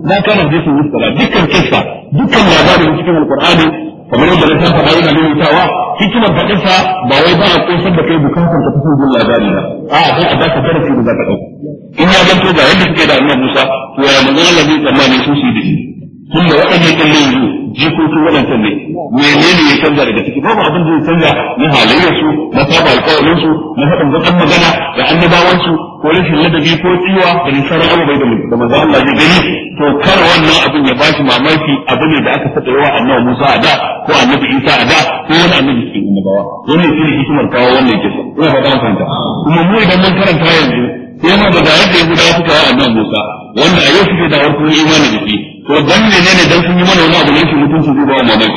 la kana fi qissa dukkan kissa dukkan labarin cikin alqur'ani kamar yadda na faɗa yana rubutawa hikimar sa ba wai ba a kosar da kai bukatar ka fito gun labari ba a a a baka darasi da za ka ɗauka in ya zanto ga yadda suke da annabi Musa to ya manzo Allah zai tsammani su su yi da shi tunda waɗannan ɗin ne yanzu jikokin waɗancan ne menene ya canza daga ciki babu abin da ya canza na halayyar su na saba alƙawarin su na haɗin zaɓen magana da annabawansu su ko rashin ladabi ko tsiwa da nisan bai da manzo Allah zai gani to kar wannan abin ya bashi mamaki abu ne da aka saka yawa annabi Musa a da ko annabi Isa a da ko wani annabi cikin annabawa wannan ne hikimar kawo wannan kisa ina fata an fahimta kuma mu idan mun karanta yanzu sai ma da da yadda ya gudanar da annabi Musa wanda a yau suke da wani imani da shi to dan ne dan sun yi mana wani abu ne shi mutunci zai ba mu mamaki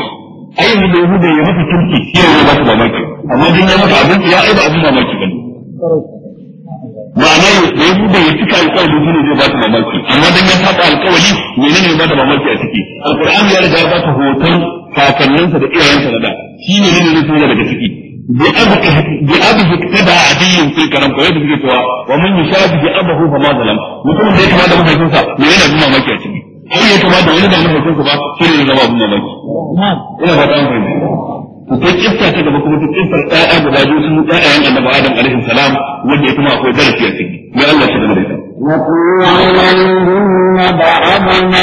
ai mu da yahuda ya maka kirki shi ne ba su mamaki amma din ya maka abin ya ai ba abin mamaki bane ma'ana da yahuda ya cika alƙawari shi ne zai ba su mamaki amma dan ya saba alƙawari menene ba da mamaki a ciki alqur'ani ya riga ya ba ta hoton kakanninsa da iyayensa na da shi ne ne zai tura daga ciki بأبه ابتدع عدي في الكلام كويس في الكوا ومن يشابه أبه فما ظلم mutumin da ya kama da mahaifinsa me yana nuna maki a ciki ko ya kama da wani da mun hukunku ba sai ne zama abin mamaki ina ba ta amfani to sai kissa ta gaba kuma ta kissar ɗaya guda biyu sun ɗaya yan annabi Adam alaihi salam wanda ya kuma akwai darasi a ciki ya Allah shi da ita وقل عليهم بعضنا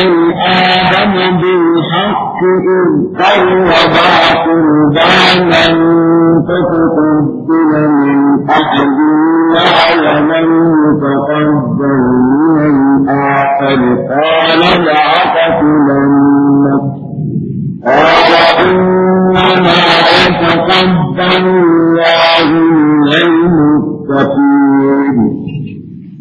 آدم بالحق إذ قربا قربانا فتقبل من أحد يعلم تقبل من الآخر قال لأقتلنك قال إنما يتقبل الله من المتقين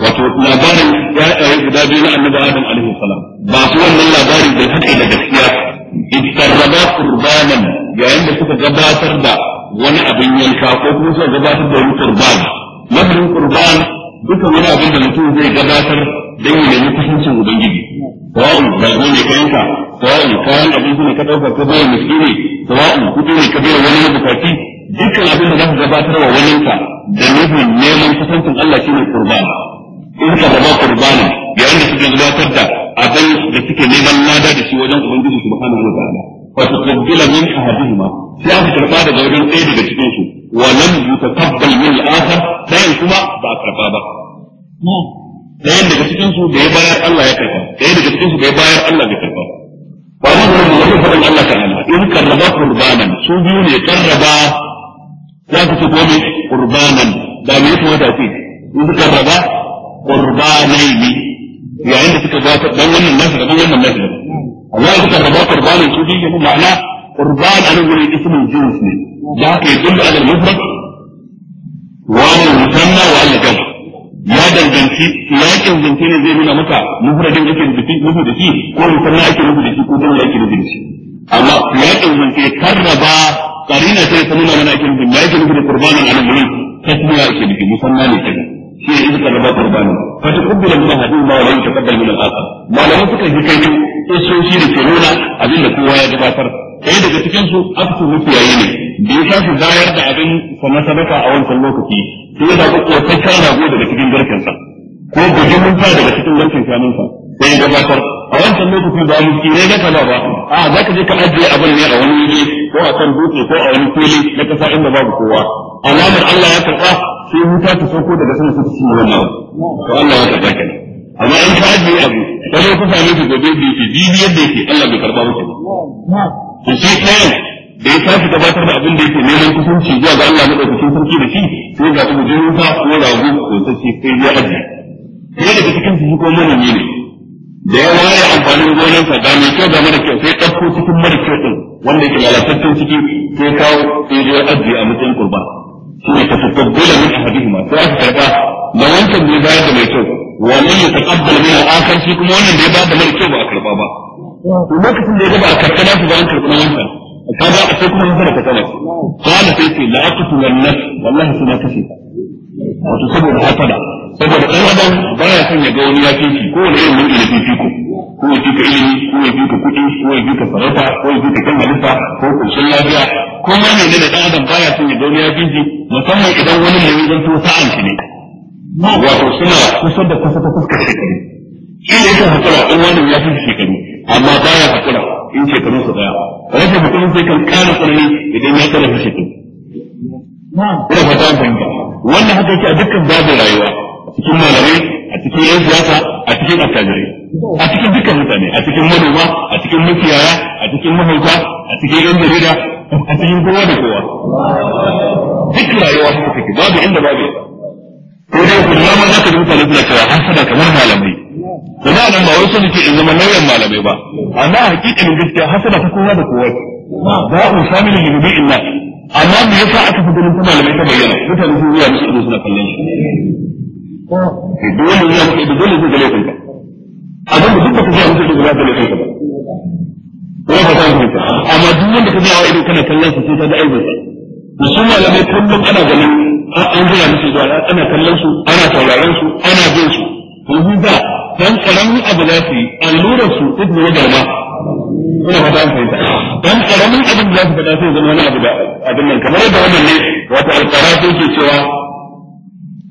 wato labarin ya'yayen guda biyu na annabi adam alaihi salam ba su wannan labarin da haɗe da gaskiya ittarraba qurbanan yayin da suka gabatar da wani abin yanka ko kuma suka gabatar da wani qurban lafazin qurban duka wani abin da mutum zai gabatar don ya nemi kusancin ubangiji sawa'un rago ne ka yanka sawa'un kayan abinci ne ka ɗauka ka miski ne sawa'un kuɗi ne ka bayar wani mabukaci dukkan abin da za ka gabatar wa waninka da nufin neman kusancin Allah shine qurban iska da ba qurbanin yayin da suke gabatar da abin da suke neman lada da shi wajen ubangiji subhanahu wa ta'ala fa taqabbala min ahadihima sai aka karba daga wajen ɗaya daga cikin su wa lam yutaqabbal min al-akhar dayan kuma ba a karba ba ɗayan daga cikin su da ya bayar Allah ya karba ɗayan daga cikin su da ya bayar Allah ya karba ba mu da wani faɗin Allah ta'ala in karraba qurbanan su biyu ne karraba za ku ci gome qurbanan da me yake wata ce in karraba qurbanayni yayin da suka gabatar dan wannan nasu da wannan nasu da Allah suka raba qurbanin su biyu ma'ana qurban anan wurin ismin jins ne da haka ya dinga al mufrad wa musanna wa al jama ya danganci lakin zance ne zai nuna maka mufradin ake rubuci nufi da shi ko musanna ake nufi da shi ko jama ake nufi da shi amma lakin zance karraba karina sai ta nuna mana ake nufi lakin nufi da qurbanin anan wurin tasmiya ake nufi musanna ne kenan shi ne suka zama qurbani fa tuqbilu min ahadi ma wa yataqabbal min al-akhar malamin suka yi kai shi da ke nuna abin da kowa ya gabatar ɗaya daga cikin su afsu yayi ne da ya su zayar da abin sa na a wancan lokaci sai ya zaɓi ƙotaccen rago daga cikin garkensa ko mun fa daga cikin garken shanunsa sai ya gabatar a wancan lokaci ba mu kire na kaza ba a za ka je ka ajiye abin ne a wani waje ko a kan dutse ko a wani fili na kasa inda babu kowa alamar Allah ya karba sai wuta ta sauko daga sama su ci wannan to Allah ya karba kenan amma in ka ajiye abu ka zo ka same shi gobe da yake bibi yadda yake Allah bai karba maka to sai kai da ya tashi gabatar da abin da yake neman kusanci zuwa ga Allah madaukakin sarki da shi sai ga abu jin wuta ko rago ko ta ce kai ya ajiye kai daga cikin su ko manomi ne da ya ware amfanin gonarsa da mai kyau ga mara kyau sai ɗauko cikin mara kyau ɗin wanda yake lalatattun ciki sai kawo sai ya ajiye a matsayin kurba shine ta taqabbala min ahadihima sai aka karba da wancan ne bayar da mai kyau wannan ya taqabbala min al-akhar shi kuma wannan da ya bayar da mai kyau ba a karba ba lokacin da ya gaba a karkana su bayan karɓar wancan kaga a sai kuma nasara ta kana qala sai ce la aqtu wan nafs wallahi sai na kashe wato saboda hasada saboda ɗan adam baya son ya ga wani ya fi ko wani irin nau'i na fifiko ko ya fika ilimi ko ya fika kuɗi ko ya fika farauta, ko ya fika kan halitta ko ƙoshin lafiya ko ma ne ne da ɗan adam baya son ya ga wani ya fi musamman idan wani mai wajen to sa'an shi ne wato suna kusa da kusa ta fuskar shekaru shi ne yake hakura in wani ya fi shekaru amma baya hakura in shekarun su daya rashin hakurin sai kan ƙara tsanani idan ya tsara shekaru. Ina fata fahimta. Wannan haka yake a dukkan babin rayuwa. cikin malamai a cikin yan siyasa a cikin attajirai a cikin dukkan mutane a cikin manoma a cikin makiyaya a cikin mahauta a cikin yan jarida a cikin kowa da kowa duk rayuwa suka take babu inda babu ko dai kuma ma za ka ji mutane suna cewa hasada kamar malamai da ba nan ba wai sun ce in zama nauyin malamai ba amma hakikin gaskiya hasada ta kowa da kowa ba ku sami da gobe illa amma me yasa aka fi ganin malamai ta bayyana mutane sun zuwa musu ido suna kallon shi dole ne ka da dole sai ka laifin ka abin da duk ka ji mutum da zaka laifin ka ba ko ka san ka amma duk wanda ka biya wa kana kallon su sai ka ga aibin sa su ma malamai kullum ana ganin an jira musu zuwa ana kallon su ana sauraron su ana bin su yanzu ba dan karamin abu za su yi allurar su duk ne garma ina fata an fahimta dan karamin abin da za su fada sai zama wani abu da abin nan kamar yadda wannan ne wato alqarafi ke cewa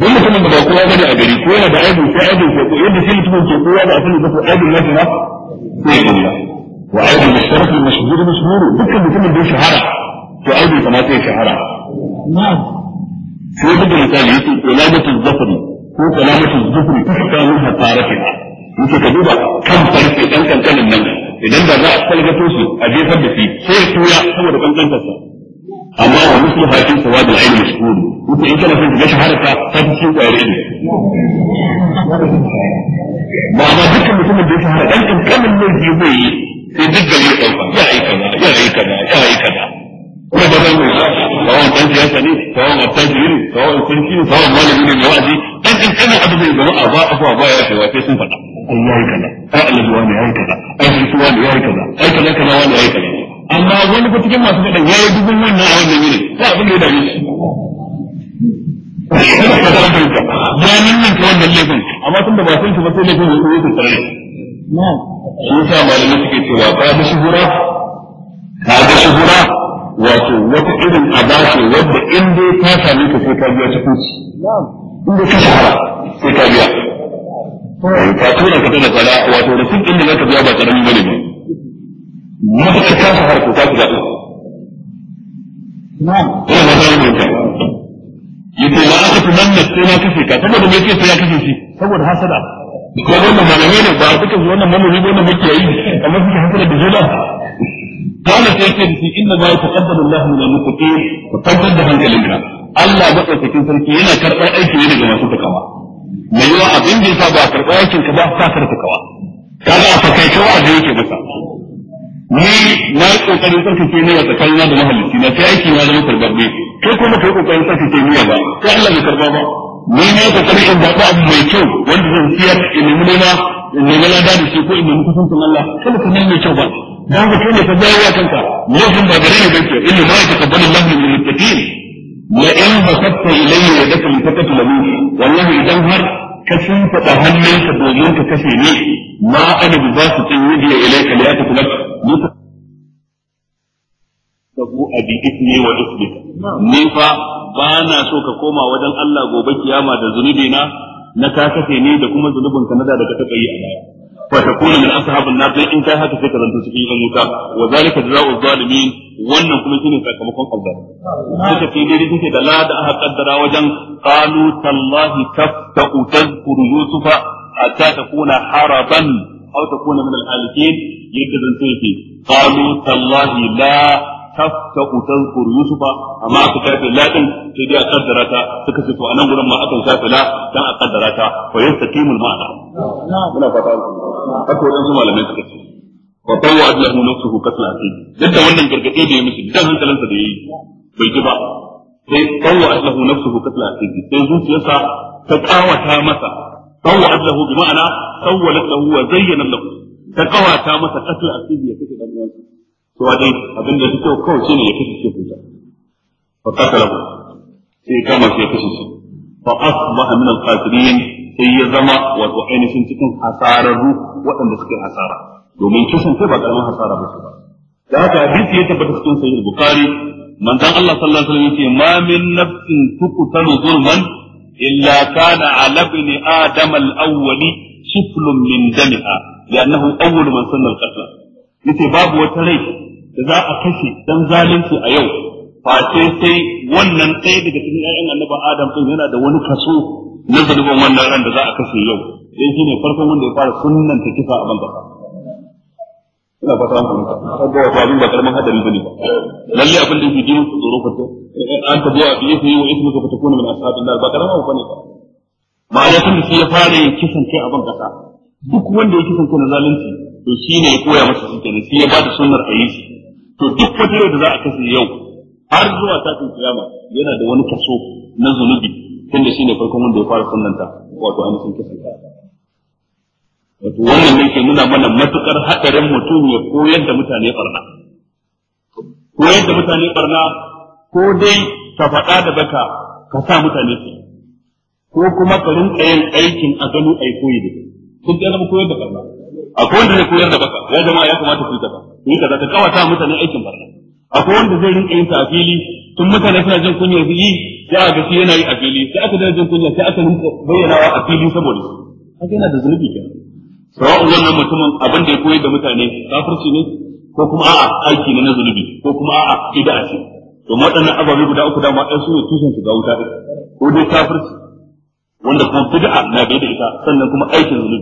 don mutumin da ba kowa bane a gari ko yana da aibin ko aibin ko yadda shi mutumin ke kowa ba a sani ba ko aibin nashi ba sai ya kulla wa aibin musharrafi mashhur mashhur dukkan mutumin da shahara to aibin kamata ya shahara na'am sai da misali yake ilamatul zafari ko kalamatul zufri ta kawo ta tarafiha yake ka duba kan farce dan kankanin nan idan da za a salgato shi a jefar da shi sai ya tura saboda kankantarsa amma wa musu hakin kuwa da ainihin mashhur wuce in kana son ka ga shahararka ta fi cikin kwayar ilimi ba ma dukkan mutumin da ya shahara dan kankanin laifi zai yi sai duk gari ya ɗauka ya yi kaza ya yi kaza ya yi kaza kuma ba zan mai sawan dan siyasa ne sawan attajiri ne sawan sarki ne sawan ne mai wa'azi dan kankanin abu zai zama a ba abuwa ba ya kaiwa sai sun faɗa Allah yi amma wani ko cikin masu kaɗan ya yi dubin wannan a wannan yini ta abin da ya dame shi ya nan wannan laifin amma tun da ba sun shi ba sai laifin tsare shi sa suke cewa wato wata irin aba ce wadda in dai ta same ka sai ka biya in dai ka shahara sai ka biya ka tura ka tana wato da sun inda za ka biya ba tsarami ba ne mace ta su harko ta guda uku ina ba ta mai kai yace la aka fi nan sai na kashe ka saboda mai yake sai ya kashe shi saboda hasada ko wannan malami ne ba suka zo wannan manomi ko wannan makiyayi amma suke hasada da juna قال سيكون في إن ما يتقبل الله من المتقين فقدر دهن كلمة الله بقى سيكون سنكي هنا كرأي أي شيء يجب أن تتكوى ba a أبين دي سابع كرأي أي شيء كبه ساكر تكوى كذا فكيكوى أجيك بسا ni na yi kokarin tsarkake niyya tsakanina da mahalicci na sai aiki na zama karbabbe kai kuma kai kokarin tsarkake niyya ba sai Allah bai karba ba ni ne ka kare in zaɓi abu mai kyau wanda zan siya in nemi nema in nemi lada da shi ko in nemi kusancin Allah kada ka nemi mai kyau ba dan ka kai ne ka bayar wa kanka laifin ba gare ne ba ke inna ma yataqabbalu Allahu min al-muttaqin ya in basatta ilayya yadaka litaqtulani wallahi idan har ka sun fada hannunka domin ka kashe ni ma ana bi ba su tin yudiya ilayka la yatakula muta tabu abi ismi wa ismi ni ba na so ka koma wajen Allah gobe kiyama da zunubi na na ka kafe ne da kuma zunubin ka da ka taba yi a baya fa takuna min ashabin nar in kai haka sai ka wannan kuma shine sakamakon azzalimi suka ce dai da la wajen qalu tallahi taftaqu yusufa hatta takuna haraban aw takuna min al yadda zan so yake qalu tallahi la tafka tankur yusufa amma aka tafi sai dai a kaddara ta suka ce to anan gurin ma aka tafi la dan a kaddara ta fa yastaqimul ma'ana muna fata haka wadansu malamai suka ce wa tawwa lahu nafsuhu kasla akid duk da wannan da da bai ba sai sai ta kawata masa sawwat lahu bi ma'ana sawwalat lahu wa zayyana lahu ta kawata masa qatl asiri ya kike dan uwansa to a dai abin da kike kawai shine ya kike cikin ta fa qatala sai kama sai kashe shi fa asbaha min al-qasirin sai ya zama wato ainihin cikin hasararru waɗanda suke hasara domin kisan sai ba karamin hasara ba su ba da haka hadisi ya tabbata cikin sahih bukhari manzon Allah sallallahu alaihi wasallam yace ma min nafsin tuqtalu zulman Illata na على Adamal آدم الأول شفل من دمها لأنه أول من سن yace babu wata rai da za a kashe dan zalunci a yau face sai wannan ɗaya daga cikin 'ya'yan annabi Adam ɗin yana da wani kaso na zalubin wannan ran da za a kashe yau dan shine farkon wanda ya fara sunnanta kifa a banza ina fata an fahimta kaga wata abin ba karaman hadari bane ba lalle abin da yake jinin tsoro to? an tabiya bi ismi wa ismi ka fatakuna min ashabin nar ba karaman bane ba ma'ana tun da shi ya fara yin kisan kai a ban kasa duk wanda ya kisan kai na zalunci to shi ne ya koya masa shi kenan shi ya ba da sunnar a yi shi to duk wata yau da za a kashe yau har zuwa takin kiyama yana da wani kaso na zunubi tunda shi ne farkon wanda ya fara sunnanta wato ainihin kisan kai wato wannan ne ke nuna mana matukar hadarin mutum ya koyar da mutane barna koyar da mutane barna ko dai ka faɗa da baka ka sa mutane su ko kuma ka rinka yin aikin a gano ai koyi da kun da zama koyar da barna akwai wanda zai koyar da baka ya jama'a ya kamata ku yi kaza yi kaza ka kawata mutane aikin barna akwai wanda zai rinka yin ta a fili tun mutane suna jin su yi sai a ga shi yana yi a fili sai aka da jin kunya sai aka rinka bayyanawa a fili saboda haka yana da zunubi kenan sawa'un wannan mutumin abin da ya koyar da mutane kafirci ne ko kuma a'a aiki ne na zunubi ko kuma a'a ida ce to waɗannan ababe guda uku dama ɗan su ne tushen shiga wuta ɗin ko dai kafirci wanda kuma bid'a na bai da ita sannan kuma aikin zunubi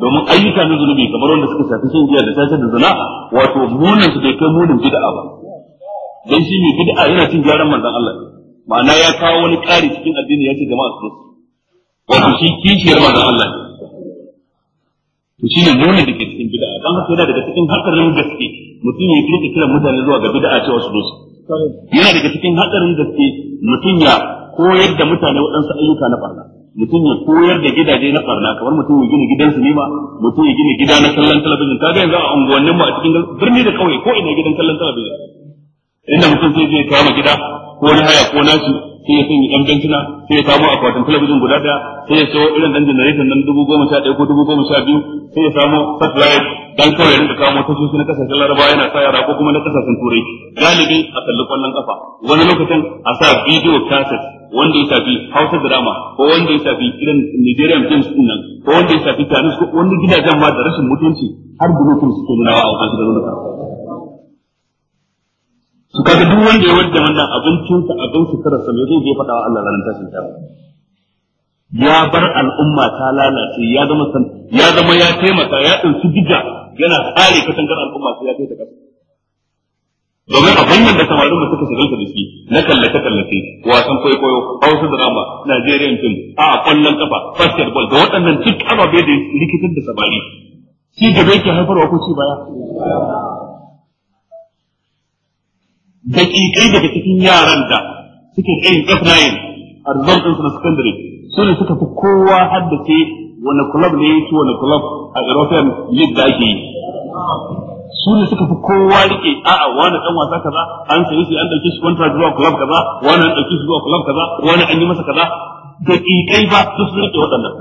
domin ayyuka na zunubi kamar wanda suka shafi shan giya da sace da zina wato munin su bai kai munin bid'a ba dan shi ne bid'a yana cin gyaran manzon Allah ma'ana ya kawo wani ƙari cikin addini ya ce jama'a su wato shi kishiyar manzon Allah ne. to shi ne da ke cikin bid'a dan haka yana daga cikin hatsarin gaske mutum ya fi kira mutane zuwa ga bid'a cewa su dosa yana daga cikin hatsarin gaske mutum ya koyar da mutane waɗansu ayyuka na ɓarna. mutum ya koyar da gidaje na ɓarna, kamar mutum ya gina gidan sinima mutum ya gina gida na kallon talabijin ga yanzu a unguwannin mu a cikin birni da kauye ko ina gidan kallon talabijin inda mutum zai je kama gida ko na haya ko nasu sai ya sanya yan bentuna sai ya akwatin talabijin guda da sai ya sayo irin dan janareton nan dubu goma sha ɗaya ko dubu goma sha biyu sai ya samo satellite dan kawai rinka kamo tashoshi na kasashen laraba yana sa yara ko kuma na kasashen turai galibi a kalli kwallon kafa wani lokacin a sa bidiyo cassette wanda ya shafi hausa drama ko wanda ya shafi irin nigerian games din nan ko wanda ya shafi tanis ko wani gidajen ma da rashin mutunci har gudu suke nuna a wajen su da kaga duk wanda ya wanda wannan abincinsa abin suturarsa me zai je fada wa Allah ranar tashin ta. ya bar al'umma ta lalace ya zama san ya zama ya taimaka ya ɗauki diga yana kare katangar al'umma sai ya kai ta domin abin da samarin mu suka shiga da shi na kallace kallace wasan kwaikwayo hausa drama Nigerian film a kwallon kafa ball da waɗannan duk ababe da likitan da samari shi gaba yake haifarwa ko ci baya daƙiƙai daga cikin yaran da suke kai f9 a result ɗinsu na secondary su ne suka fi kowa haddace wani club ne su wani club a european league da ake yi su ne suka fi kowa rike a'a wani ɗan wasa kaza an sayi shi an dauke shi contract zuwa club kaza wani an ɗauki shi zuwa club kaza wani an yi masa kaza da kikai ba su sun rike waɗannan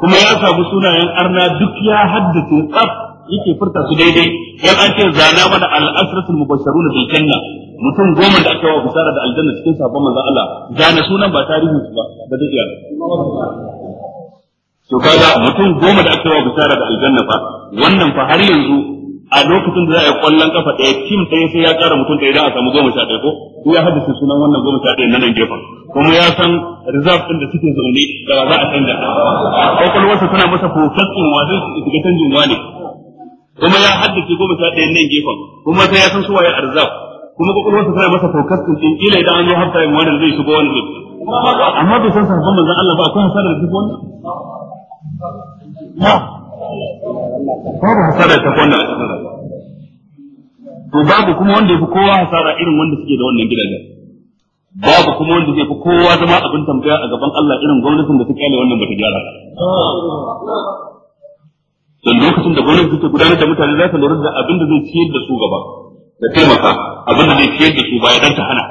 kuma ya samu sunayen arna duk ya haddace tsaf yake furta su daidai yan an ce zana mana al-asratul mubashsharun bil janna mutum goma da aka wa bisara da aljanna cikin sabon manzon Allah zana sunan ba tarihin su ba ba zai iya to kaga mutum goma da aka wa bisara da aljanna fa wannan fa har yanzu a lokacin da za a yi kwallon kafa ɗaya tim ɗaya sai ya ƙara mutum ɗaya don a samu goma sha ɗaya ko ko ya haddace sunan wannan goma sha ɗaya na nan gefen kuma ya san reserve ɗin da suke zaune da za a canja wasu suna masa fokasin wa su shiga canjin wa ne kuma ya haddace goma sha ɗaya nan gefen kuma sai ya san su waye arzak kuma kokolwarsa tana masa din tsinkin kila idan an yi hafta in wani zai shigo wani zai amma bai san sahabban manzon Allah ba akwai hasarar duk wannan na babu hasarar ta wannan a cikin to babu kuma wanda yafi kowa hasara irin wanda suke da wannan gidajen babu kuma wanda zai fi kowa zama abin tambaya a gaban Allah irin gwamnatin da ta kyale wannan bata gyara don lokacin da gwamnati ta gudanar da mutane za ta lura da abin da zai ciyar da su gaba da taimaka abin da zai ciyar da su baya dan ta hana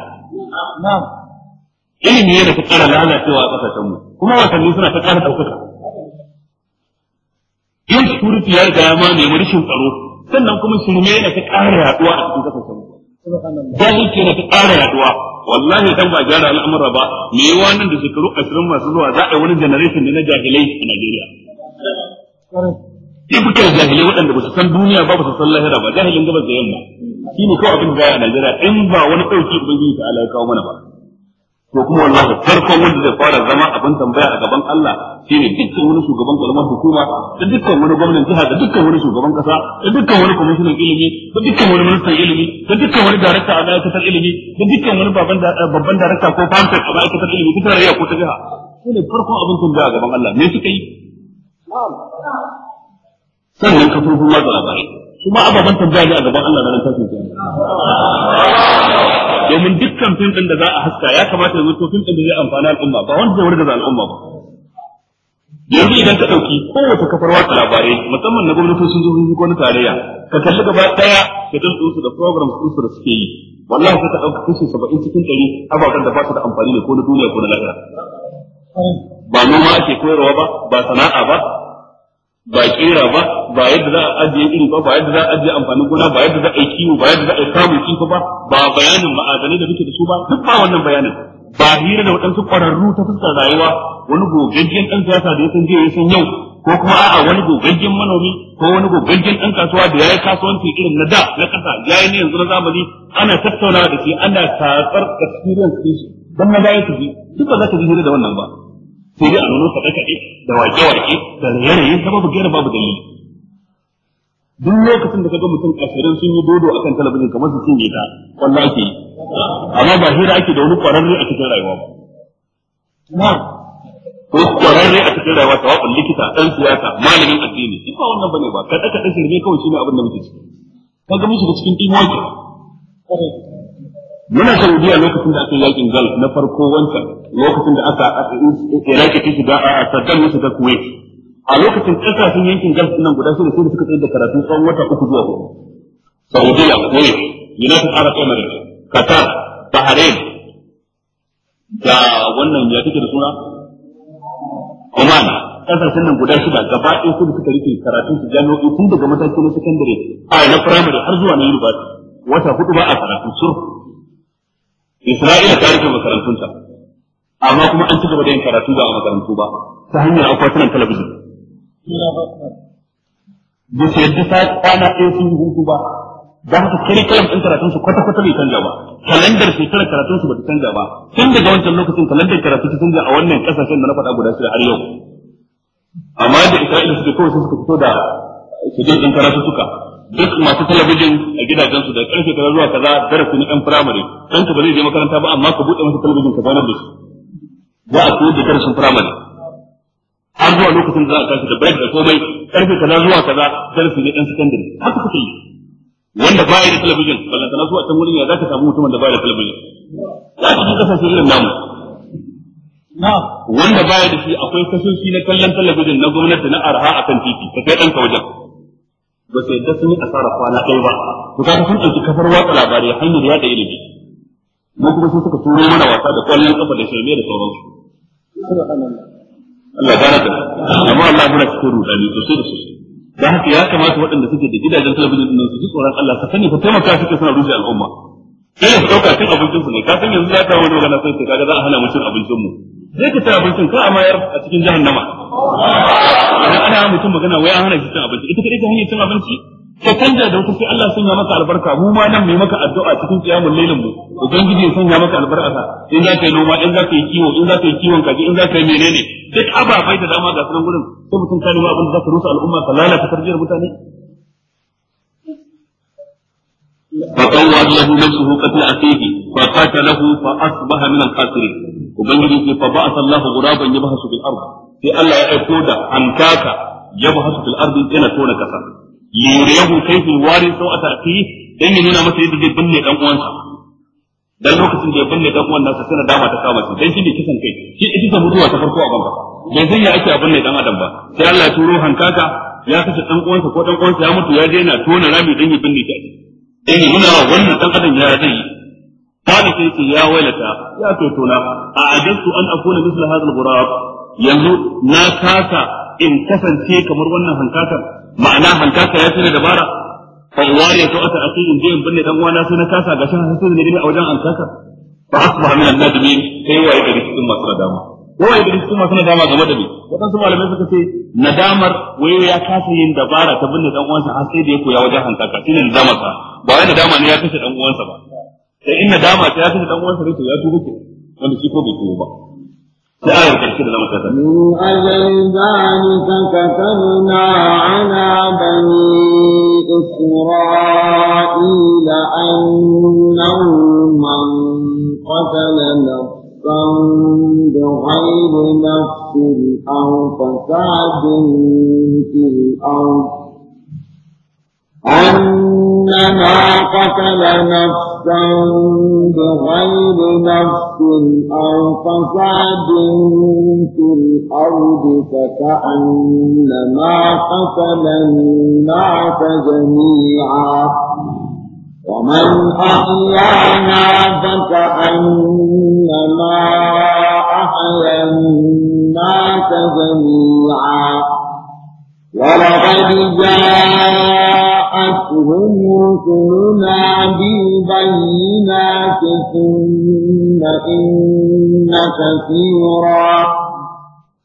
ilimi yana ta ƙara lalacewa a ƙasashen mu kuma wasanni suna ta ƙara ɗaukaka yin security ya riga ma nemi rashin tsaro sannan kuma shirme yana ta ƙara yaduwa a cikin ƙasashenmu. mu ke yana ta ƙara yaduwa wallahi dan ba gyara al'amura ba me yawa nan da shekaru ashirin masu zuwa za a yi wani generation ne na jahilai a Najeriya. dukkan jahilai waɗanda ba su san duniya ba ba su san lahira ba jahilin gabas da yamma shi ne kawai abin da ya a Najeriya in ba wani ɗauki ubangiji ta Allah ya kawo mana ba to kuma wallahi farkon wanda zai fara zama abin tambaya a gaban Allah shi ne dukkan wani shugaban kalmar hukuma da dukkan wani gwamnan jiha da dukkan wani shugaban ƙasa da dukkan wani kwamishinan ilimi da dukkan wani ministan ilimi da dukkan wani darakta a ma'aikatar ilimi da dukkan wani babban darakta ko famfet a ma'aikatar ilimi ta tarayya ko ta jiha shine farkon abin tambaya a gaban Allah me suka yi sannan kafofin watsa labarai kuma ababen tambaya ne a gaban Allah ranar tashin kiyama domin dukkan fim din da za a haska ya kamata ya zo fim din da zai amfana al'umma ba wanda zai wargaza al'umma ba yanzu idan ka ɗauki kowace kafar wata labarai musamman na gwamnati sun zo ko na tarayya ka kalli gaba ɗaya ka dan su da program din su da suke yi wallahi ka ɗauki kashi saba'in cikin ɗari ababen da ba su da amfani ne ko na duniya ko na lahira ba noma ake koyarwa ba ba sana'a ba ba kira ba ba yadda za a ajiye iri ba ba yadda za a ajiye amfanin gona ba yadda za a yi kiwo ba yadda za a yi samu kifa ba ba bayanin ma'adanai da muke da su ba duk ba wannan bayanin ba hira da waɗansu ƙwararru ta fuskar rayuwa wani gogaggen ɗan siyasa da ya san jiya ya san yau ko kuma a'a wani gogaggen manomi ko wani gogaggen ɗan kasuwa da ya yi kasuwanci irin na da na ƙasa ya yi ne yanzu na zamani ana tattaunawa da shi ana tatsar experience ɗin shi don na ya tafi duk ba za ka ji hira da wannan ba sai dai a nuno kaɗe kaɗe da wake wake da raye ta babu gaira babu dalili duk lokacin da kaga mutum kafirin sun yi dodo akan talabijin kamar su cinye ta wallahi ake yi amma ba hira ake da wani kwararre a cikin rayuwa ba ko kwararre a cikin rayuwa tawakul likita dan siyasa malamin addini shi ba wannan bane ba kada kada shirme kawai shine abin da muke ciki kaga mun shiga cikin dimoki muna saudiya lokacin da aka yi yakin gal na farko wancan lokacin da aka iraki ta shiga a saddam ya ta kuwait a lokacin kasashen yankin gal sunan guda su da su suka tsaye da karatu tsawon wata uku zuwa hudu saudiya kuwait united arab emirates qatar bahrain da wannan ya take da suna oman kasashen nan guda shida gaba ɗaya su suka rike karatun su jami'o'i tun daga matakin na sakandare a na firamare har zuwa na university wata hudu ba a karatu su. Isra'ila ta rufe makarantunta amma kuma an ci gaba da yin karatu ba a makarantu ba ta hanyar akwatunan talabijin ba su yadda ta kwana ɗaya sun hutu ba da haka curriculum ɗin karatun su kwata kwata bai canja ba kalandar shekarar karatun su ta canja ba tun daga wancan lokacin kalandar karatu ta canja a wannan ƙasashen da na faɗa guda shida har yau amma da Isra'ila suke kawai suka fito da shekarar ɗin karatu suka duk masu talabijin a gidajensu da karfe kaza zuwa kaza darasi na ɗan firamare dan ka bari zai je makaranta ba amma ka buɗe masa talabijin ka zanar da su. za a koyar da darasin firamare har zuwa lokacin da za a tashi da break da komai karfe kaza zuwa kaza darasi na ɗan sakandare haka kuke yi wanda ba yi da talabijin ballanta na zuwa can wurin ya za ka samu mutumin da ya da talabijin za ka ji kasashe irin namu wanda baya da shi akwai kasoshi na kallon talabijin na gwamnati na arha kan titi ka kai ɗanka wajen ba su yadda sun yi asara kwana ɗaya ba to kaga sun ɗauki kafar watsa labarai hanyar yaɗa ilimi mu kuma sun suka turo mana wasa da kwallon kafa da shirme da sauransu Allah ya da amma Allah muna cikin rudani sosai da sosai da haka ya kamata waɗanda suke da gidajen talabijin ɗin su ji tsoron Allah su sani fa taimaka suke suna rufe al'umma sai su ɗauka cin abincin su ne ka san yanzu za ka wani magana sai ka ga za a hana mu cin abincin mu sai ka ci abincin ka a mayar a cikin jahannama idan ana mutum magana wai an hana shi cin abinci ita kadai ta hanyar cin abinci ka canja da wata sai Allah sanya maka albarka mu ma nan mai maka addu'a cikin qiyamul lailin mu ubangiji ya sanya maka albarka in za ka yi noma in za ka yi kiwo in za ka yi kiwon kaji in za ka yi menene duk ababai da dama ga sunan gurin ko mutum ka nemi abin da za ka rusa al'umma ka lalata tarjiyar mutane فطوعت له نفسه قتل أخيه فقتله فأصبح من الخاسرين ubangiji ce fa ba'a sallahu ghuraban yabhasu bil ard sai Allah ya aiko da hankaka yabhasu bil ard yana tona kasa yuriyahu kayfa warin sau fi dan ya nuna masa yadda zai binne dan uwansa dan lokacin da ya binne dan uwan nasa sai dama ta kama shi dan shi ne kisan kai shi ita ta mutuwa ta farko a banka dan zai ya ake a binne dan adam ba sai Allah ya turo hankaka ya kashe dan uwansa ko dan uwansa ya mutu ya je yana tona rami dan ya binne shi dan ya nuna wannan dan adam ya zai yi kana sai ya wailata ya totona a ajastu an akuna misla hadha yanzu na kasa in kasance kamar wannan hankaka ma'ana hankaka ya fi dabara fa wari to ata aki in je in binne dan uwana sai na kasa gashi hasan ne a wajen hankaka fa asbaha min an-nadimin sai waye da cikin masu nadama waye da cikin masu nadama game da ni wadansu malamai suka ce nadamar waye ya kasa yin dabara ta binne dan uwansa da ya koya wajen ba ne ya kashe dan uwansa ba sai inna dama ta ya kashe dan uwansa ne to ya tuba ke wanda shi ko bai tuba ba sai ayar karshe da zamu ta ta min ajal zalika katabna ala bani isra'ila annahu man qatala بغير نفس أو فساد في الأرض أنما قتل نفسا بغير نفس أو فساد في الأرض فكأنما قتل الناس جميعا ومن أحياها فكأنما أحيا الناس جميعا ولقد جاء جاءتهم رسلنا بالبينات ثم إن كثيرا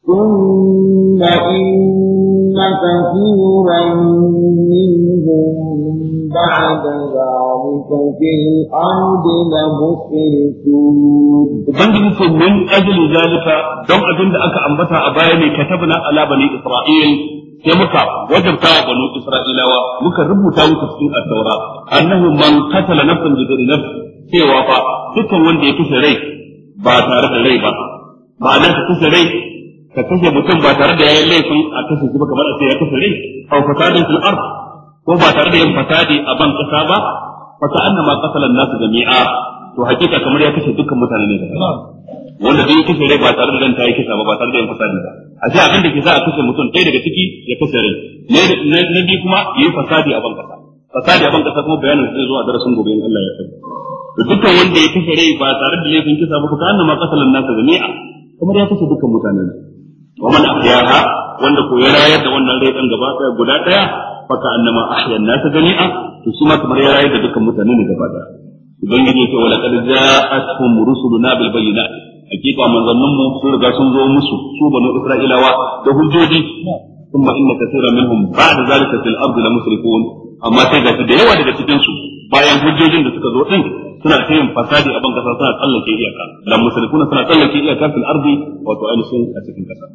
ثم إن كثيرا منهم بعد ذلك في الأرض لمفلسون وبنجلس من أجل ذلك دم أجل أكا أنبتا أبايني كتبنا على بني إسرائيل sai muka wajabta wa banu isra'ilawa muka rubuta muku cikin at-taura annahu man qatala nafsan bi ghairi cewa fa dukkan wanda ya kashe rai ba tare da rai ba ma'ana ka kashe rai ka kashe mutum ba tare da yayin laifin a kashe shi kamar a kashe rai ko ba tare da yin fasadi a ban kasa ba fa annama qatala nasu nas jami'a to hakika kamar ya kashe dukkan mutane ne gaba wanda bai kashe rai ba tare da ranta ya kisa ba ba tare da yin fasadi ba a sai abin da ke za a kashe mutum ɗaya daga ciki ya kashe rai na biyu kuma yi fasadi a banka fasadi a banka kasa kuma bayanin zai zo a darasin gobe in Allah ya yarda dukkan wanda ya kashe rai ba tare da laifin kisa ba fata annama qatala nasu nas jami'a kamar ya kashe dukkan mutane ne wa man ahyaha wanda ko ya rayar da wannan rai ɗan gaba ɗaya guda ɗaya, faka annama ahya an-nas jami'a to su ma kamar ya rayar da dukkan mutane ne gaba daya ubangiji ya ce wa laqad ja'atkum rusuluna bil bayyana hakika manzannin mu sun riga sun zo musu su banu isra'ilawa da hujjoji kuma inna kaseera minhum ba'da zalika fil ardi la musrifun amma sai ga da yawa daga cikin su bayan hujjojin da suka zo din suna ta yin fasadi a ban kasa suna tsallake iyaka da musulmi suna tsallake iyaka fil ardi wato ainihin a cikin kasa